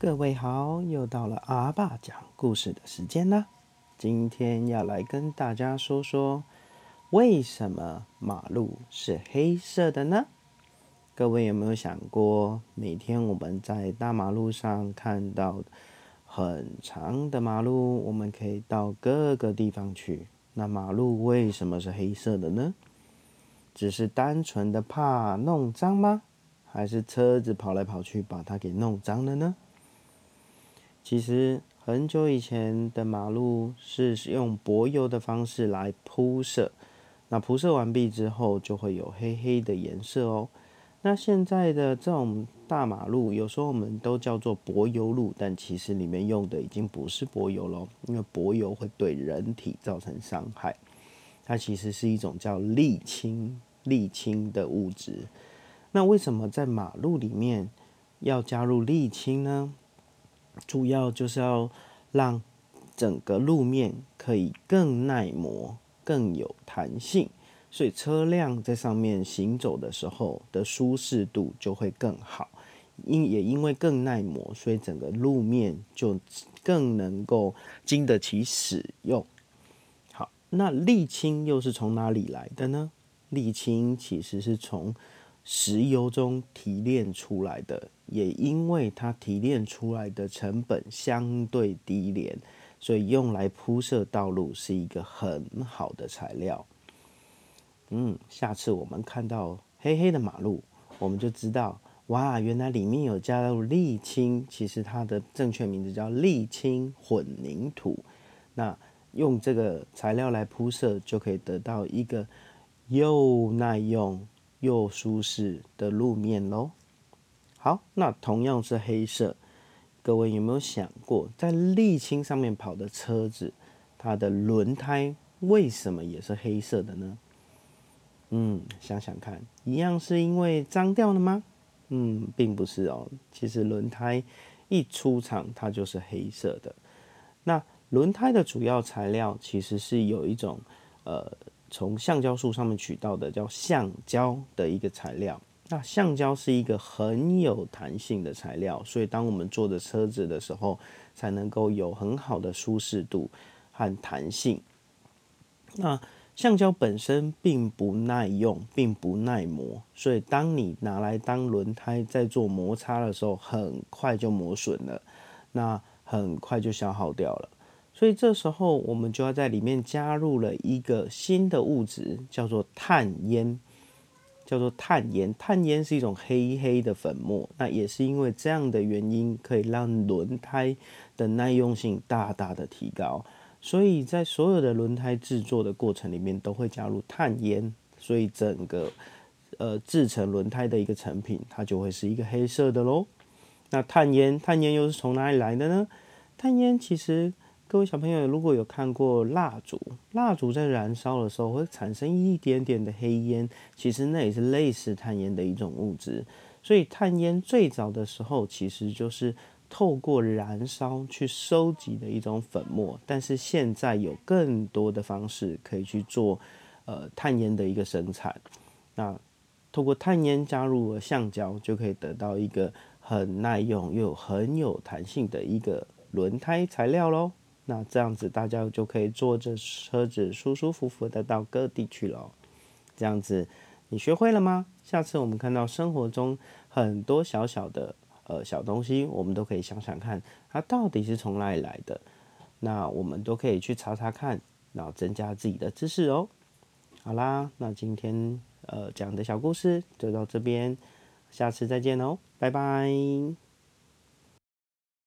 各位好，又到了阿爸講故事的時間啦！今天要來跟大家說說，為什麼馬路是黑色的呢？各位有沒有想過，每天我們在大馬路上看到很長的馬路，我們可以到各個地方去，那馬路為什麼是黑色的呢？只是單純的怕弄髒嗎？還是車子跑來跑去把它給弄髒了呢？其實很久以前的馬路是用柏油的方式來鋪設，那鋪設完畢之後就會有黑黑的顏色哦。那現在的這種大馬路，有時候我們都叫做柏油路，但其實裡面用的已經不是柏油了，因為柏油會對人體造成傷害。它其實是一種叫瀝青、瀝青的物質。那為什麼在馬路裡面要加入瀝青呢？主要就是要讓整個路面可以更耐磨，更有彈性，所以車輛在上面行走的時候的舒適度就會更好。因也因為更耐磨，所以整個路面就更能夠經得起使用。好，那瀝青又是從哪裡來的呢？瀝青其實是從石油中提煉出來的。也因為它提煉出來的成本相對低廉，所以用來鋪設道路是一個很好的材料。嗯，下次我們看到黑黑的馬路，我們就知道，哇，原來裡面有加入瀝青，其實它的正確名字叫瀝青混凝土。那用這個材料來鋪設，就可以得到一個又耐用又舒適的路面嘍。好，那同樣是黑色，各位有沒有想過，在瀝青上面跑的車子，它的輪胎為什麼也是黑色的呢？嗯，想想看，一樣是因為髒掉了嗎？嗯，並不是哦，其實輪胎一出廠它就是黑色的。那輪胎的主要材料其實是有一種，呃，從橡膠樹上面取到的叫橡膠的一個材料。那橡膠是一個很有彈性的材料，所以當我們坐着車子的時候，才能夠有很好的舒適度和彈性。那橡膠本身並不耐用，並不耐磨，所以當你拿來當輪胎在做摩擦的時候，很快就磨損了，那很快就消耗掉了。所以這時候我們就要在裡面加入了一個新的物質，叫做碳煙。叫做碳煙，碳煙是一種黑黑的粉末，那也是因為這樣的原因，可以讓輪胎的耐用性大大的提高，所以在所有的輪胎製作的過程裡面都會加入碳煙，所以整個呃製成輪胎的一個成品，它就會是一個黑色的嘍。那碳煙，碳煙又是從哪裡來的呢？碳煙其實。各位小朋友，如果有看過蠟燭，蠟燭在燃燒的時候會產生一點點的黑煙，其實那也是類似碳煙的一種物質。所以碳煙最早的時候，其實就是透過燃燒去收集的一種粉末。但是現在有更多的方式可以去做，呃，碳煙的一個生產。那透過碳煙加入了橡膠，就可以得到一個很耐用又很有彈性的一個輪胎材料嘍。那這樣子，大家就可以坐着車子，舒舒服服的到各地去咯。這樣子，你學會了嗎？下次我們看到生活中很多小小的呃小東西，我們都可以想想看，它到底是從哪裡來的。那我們都可以去查查看，然後增加自己的知識哦。好啦，那今天呃講的小故事就到這邊，下次再見哦，拜拜。